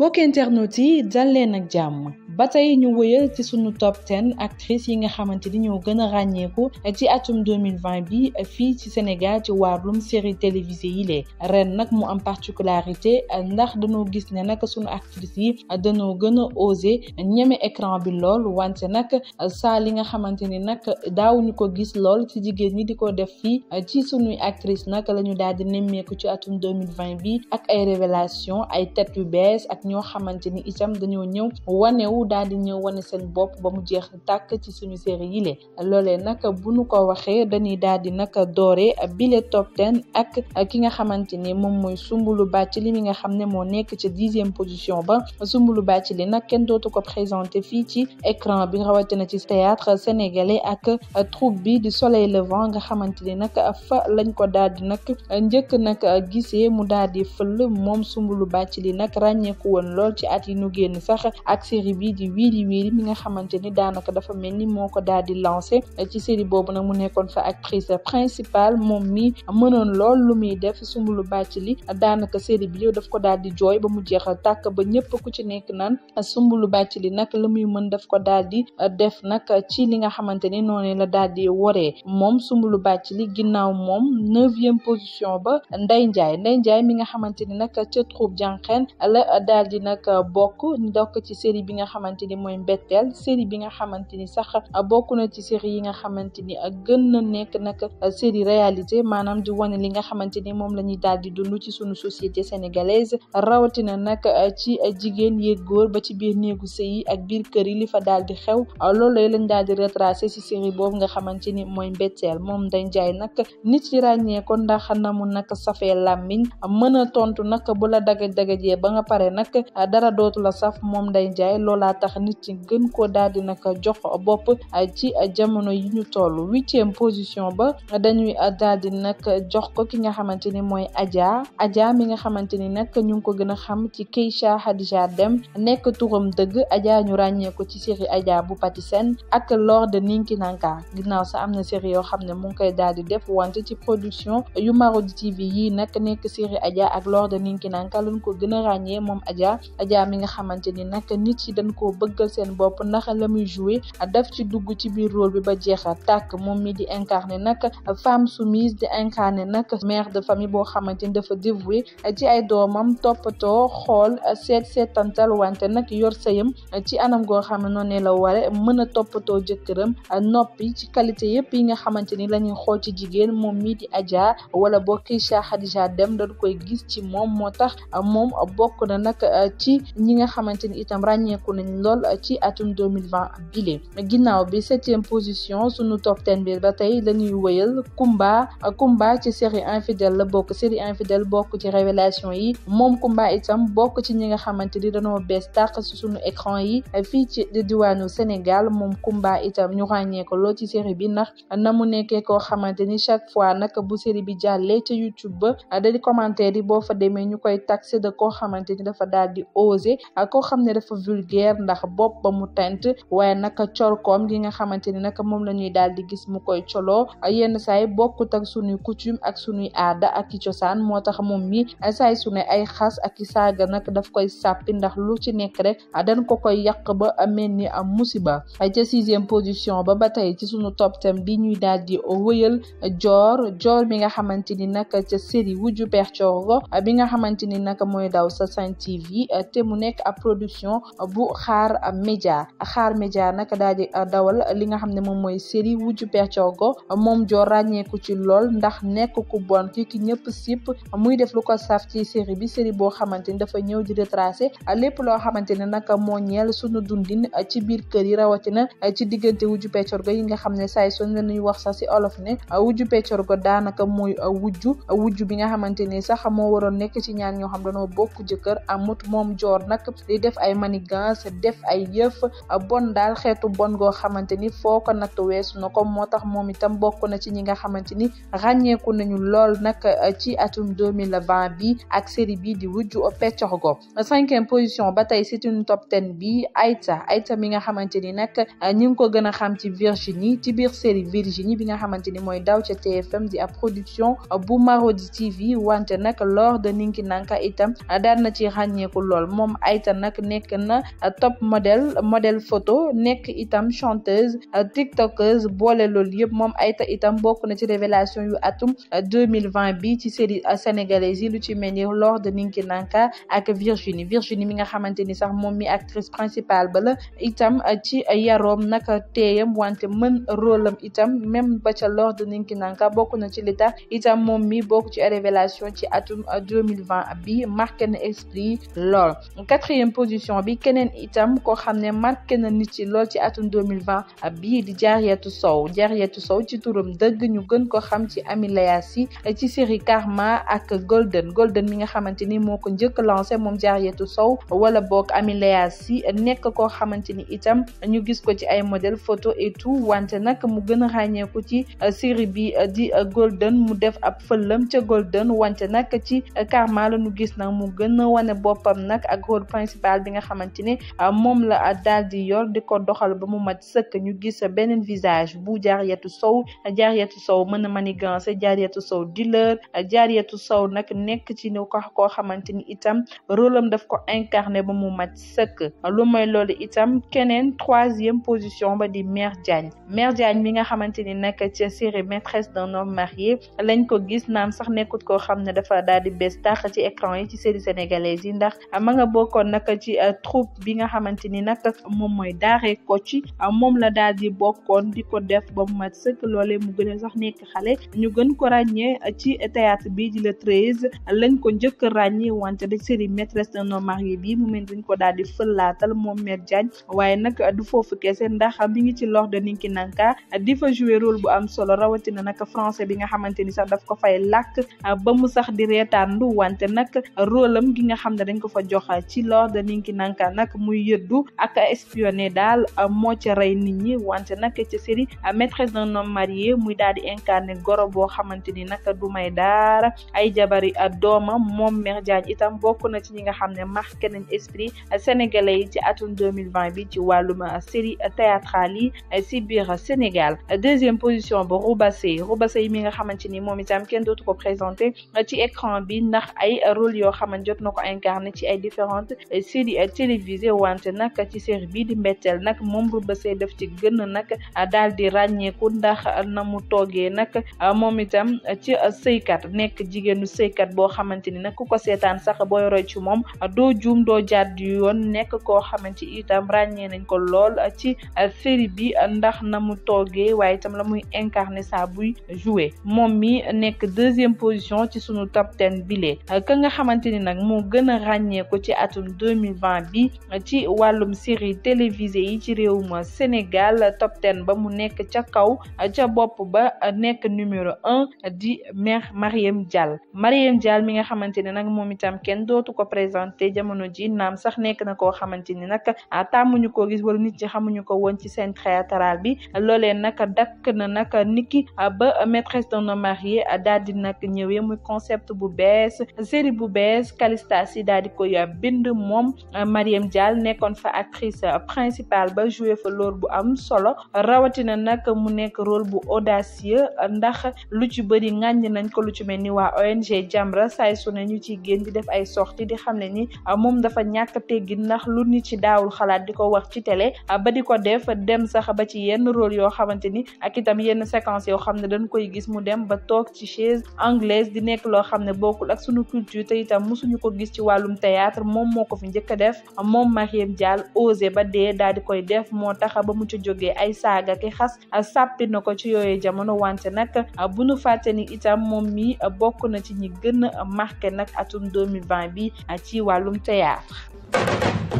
mbokk internet yi dal nag ak jàmm. ba tey ñu wëyal ci suñu top 10 actrices yi nga xamante ni ñoo gën a ràññeeku ci atum 2020 bi fii ci Sénégal ci wàllum série télévisée yi lee ren nag mu am particularité ndax dañoo gis ne nag sunu actrices yi dañoo gën a osé ñeme écran bi lool wante nag saa li nga xamante ni nag daawuñu ko gis lool ci jigéen ñi di ko def fii ci sunuy actrice nag la ñu daal di nemmeeku ci atum 2020 bi ak ay révélation ay tête yu bees ak ñoo xamante ni itam dañoo ñëw wanewu daal di ñëw wane seen bopp ba mu jeex tàkk ci suñu série yile loolee nag bu ñu ko waxee dañuy daal di nag doore bile top ten ak ki nga xamante ni moom mooy Soumboulou Bathily mi nga xam ne moo nekk ci dixième position ba Soumboulou Bathily nag kenn dootu ko présenté fii ci écran bi rawatina ci théâtre sénégalais ak troupe bi di soleil levant nga xamante ni nag fa lañ ko daal di nag njëkk nag gisee mu daal di fël moom Soumboulou Bathily nag ràññeeku woon lool ci at yi nu génn sax ak série bi di Wily Wily mi nga xamante ni daanaka dafa mel ni moo ko daal di lancé ci série boobu nag mu nekkoon fa actrice principale moom mi mënoon lool lu muy def Soumboulou Bathily daanaka série bi yow daf ko daal di jooy ba mu jeexal tàkk ba ñëpp ku ci nekk naan sumb lu bàcc Bathily nag la muy mën daf ko daal di def nag ci li nga xamante ni noonu la dal di waree moom sumb lu Soumboulou li ginnaaw moom neuvième position ba Ndeye njaay Ndeye Ndiaye mi nga xamante ni nag ca troupe jànqeen la daal di nag bokk ndokk ci série bi nga xam xamante ni série bi nga xamante ni sax bokk na ci série yi nga xamante ni gën na nekk nag série réalité maanaam di wane li nga xamante ni moom la ñuy daal di dund ci sunu société sénégalaise rawatina nag ci jigéen yeeg góor ba ci biir néegu sëy yi ak biir kër yi li fa daal di xew loolu lañ daal di retracé ci série boobu nga xamante ni mooy mbetteel moom Ndeye Ndiaye nag nit ci ràññee ndax xam na mu nag safee làmmiñ mën a tontu nag bu dagaj dagajee ba nga loola tax nit ci gën ko daal di naka jox bopp ci jamono yi ñu toll huitième position ba dañuy daal di nag jox ko ki nga xamante ni mooy Adja Adja mi nga xamante ni nag ñu ngi ko gën a xam ci Keisha Hadija Dem nekk turam dëgg Adja ñu ràññee ko ci série Adja bu Patisen Sène ak Lord Ninkinanka ginnaaw sa am na série yoo xam ne mu ngi koy daal di def wante ci production yu Marodi TV yi nag nekk série Adja ak ninki Ninkinanka lañ ko gën a ràññee moom Adja Adja mi nga xamante ni nag nit yi dañ koo bëggal seen bopp ndax la muy joué daf ci dugg ci biir rôle bi ba a tàkk moom mi di incarné nag femme soumise di incarné nag mère de famille boo xamante ni dafa dévoué ci ay doomam toppatoo xool seet seetantal wante nag yor sayam ci anam goo xam ne noonu la ware mën a toppatoo jëkkëram noppi ci qualité yëpp yi nga xamante ni la xool ci jigéen moom mii di Adja wala boo Kisha Khadija dem dañ koy gis ci moom moo tax moom bokk na nag ci ñi nga xamante itam ràññeeku nañ nañ lool ci atum 2020 bile ginnaaw bi septième position sunu top ten bi ba tey la ñuy wëyal Kumba Kumba ci série infidèle la bokk série infidèle bokk ci révélation yi moom Kumba itam bokk ci ñi nga xamante ni dañoo bees tàq si sunu écran yi fii ci diwaanu Sénégal moom Kumba itam ñu ràññee ko ci série bi ndax na mu nekkee koo xamante ni chaque fois nag bu série bi jàllee ca YouTube ba da di commentaire yi boo fa demee ñu koy taxé de koo xamante ni dafa daal di osé ak koo xam ne dafa vulgaire ndax bopp ba mu tent waaye naka corkoom gi nga xamante ni nag moom la ñuy daal di gis mu koy coloo yenn saay bokkut ak suñuy coutume ak suñuy aada ak i cosaan moo tax moom mi saay su ay xas ak i saaga nag daf koy sàppi ndax lu ci nekk rek dañ ko koy yàq ba mel ni am musiba ca sixième position ba ba tey ci suñu top thème bi ñuy daal di wëyal joor joor bi nga xamante ni nag ca série Wujju Peex Cooro bi nga xamante ni nag mooy daw sa Sen TV te mu nekk ab production xaar média xaar média nag daal di uh, dawal li nga xam ne moom mooy série wujju peccogo moom joo ràññeeku ci lool ndax nekk ku bon ki ki ñëpp sipp muy def lu ko saf ci série bi série boo xamante ni dafa ñëw di retracé lépp loo xamante ne nag moo ñeel sunu dundin ci biir kër yi rawatina ci diggante wujju peccorgo yi nga xam ne saay son la ñuy wax sax si olof ne wujju peccorgo daanaka mooy wujju wujju bi nga xamante ni sax moo waroon nekk ci ñaan ñoo xam dañoo bokk jëkkër amut moom def ay yëf bon daal xeetu bon goo xamante ni foo ko natt weesu na ko moo tax moom itam bokk na ci ñi nga xamante ni ràññeeku nañu lool nag eh, ci atum 2020 bi ak série bi di wujju peccox go cinquième position ba tey c'est une top ten bi Aïta Aïta mi nga xamante ni nag eh, ñi ngi ko gën a xam ci Virginie ci biir série Virginie bi nga xamante ni mooy daw ca TFM di ab production eh, bu Marodi TV wante nag lors de Ninki Nanka itam daan na ci ràññeeku lool moom Aïta nag nekk top model model photo nekk itam chanteuse euh, tiktokeuse boole loolu yëpp moom Aïta itam bokk na ci révélation yu atum euh, deux mille vingt bi ci série euh, sénégalaise lu ci mel ni Lord Ninki Nanka ak Virginie Virginie mi nga xamante ni sax moom mi actrice principale bala la itam ci yaroom naka teeyam wante mën rôlam itam même ba ca Lord Ninki Nanka bokk na ci li itam moom mi bokk ci révélation ci atum deux mille vingt bi marqué na esprit lool quatrième position bi keneen itam koo xam ne marqué na nit ci lool ci atum 2020 ah, bii di Diarriatou Sow Diarriatou Sow ci turam dëgg ñu gën ko xam ci Amy Leassi eh, ci série Karma ak Golden Golden mi nga xamante ni moo ko njëkk lancé moom Diarriatou Sow wala boog Amy Leassi nekk koo xamante ni itam ñu gis ko ci ay modèle photo et wante nag mu gën a ràññeeku ci eh, série bi eh, di Golden mu def ab fëllam ca Golden wante nag ci Karma la gis nag mu gën a wane boppam nag ak rôle principal bi nga xamante ni moom la daal di yor di ko doxal ba mu mat sëkk ñu gis beneen visage bu jaariyatu sow jaariyatu sow mën a manigance jaariyatu sow dealer jaariyatu sow nag nekk ci ni ko koo xamante ni itam rôlam daf ko incarné ba mu mat sëkk lu mooy loolu itam keneen troisième position ba di Mère Diagne Mère Diagne mi nga xamante ni nag ci série maîtresse d'un homme marié lañ ko gis naam sax nekkut ko xam ne dafa daal di bees tàq ci écran yi ci série sénégalaise yi ndax ma xamante ni nag moom mooy daaree Kocc moom la daal di bokkoon di ko def ba mu mat sëkk loolee mu gën a sax nekk xale ñu gën ko ràññee ci théâtre bi di le treize lañ ko njëkk ràññee wante de série maîtresse d'un homme marié bi mu mel dañ ko daal di fëllaatal moom Mère Diagne waaye a du foofu kese ndax bi ngi ci lor de Ninkinanka di fa jouer rôle bu am solo rawatina nag français bi nga xamante ni sax daf ko fay làkk ba mu sax di du wante nag rôle am gi nga xam ne dañ ko fa jox ci lor de muy yëddu ak espionné daal euh, moo ca rey nit ñi wante nag ca série euh, maîtresse d'un homme marié muy daal di incarné goro boo xamante ni nag du may daara ay jabari euh, doomam moom Mère Diagne itam bokk na ci ñi nga xam ne marqué nañ esprit sénégalais yi ci atum 2020 bi ci wàllum série théâtrale yi si a Sénégal deuxième position ba Roubassy Roubassy mi nga xamante ni moom itam kenn dootu ko présenté ci écran bi ndax ay rôle yoo xamante jot na ko incarné ci ay différentes wante nag ci série bi di mbetteel nag moom Rouba see def ci gën nag daal di ràññeeku ndax na mu toogee nag moom itam ci sëykat nekk jigéenu sëykat boo xamante ni nag ku ko seetaan sax booy roy ci moom doo juum doo jàdd yoon nekk koo xamante itam ràññee nañ ko lool ci série bi ndax na mu toogee waaye itam la muy incarné saa buy joué moom mi nekk deuxième position ci sunu top ten bile ka nga xamante ni moo gën a ràññeeku ci atum bi ci ci wàllum série télévisée yi ci réewum Sénégal top ten ba mu nekk ca kaw ca bopp ba nekk numéro un di mère Mariam Dial Mariam Dial mi nga xamante ne nag moom itam kenn dootu ko présenté jamono ji naam sax nekk na koo xamante ni nag ah, tàmmuñu koo gis wala nit ñi xamuñu ko woon ci seen théâtrale bi loole naka dakk na nag niki ba maîtresse d'un homme marié a di nag ñëwee muy concept bu bees série bu bees Calista si daal di bind moom Mariam Dial nekkoon fa actrice principale ba joué fa lool bu am solo rawatina nag mu nekk rôle bu audacieux ndax lu ci bëri ŋàññ nañ ko lu ci mel ni waa ONG Jamra saay su ne ñu ciy génn di def ay sorti di xam ne ni ah, moom dafa ñàkk teggi ndax lu nit ci daawul xalaat di ko wax ci télé ah, ba di ko def dem sax ba ci yenn rôle yoo xamante ni ak itam yenn séquence yoo xam ne dañ koy gis mu dem ba toog ci chaise anglaise di nekk loo xam ne bokkul ak sunu culture te itam mosuñu ko gis ci wàllum théâtre moom moo ko fi njëkk a def Hakim Diall osé ba dee daal di koy def moo tax ba mu ci jógee ay saaga ki xas sàppi na ko ci yooyee jamono wante nag bu nu fàtte ni itam moom mi bokk na ci ñi gën a marqué nag atum 2020 bi ci wàllum théâtre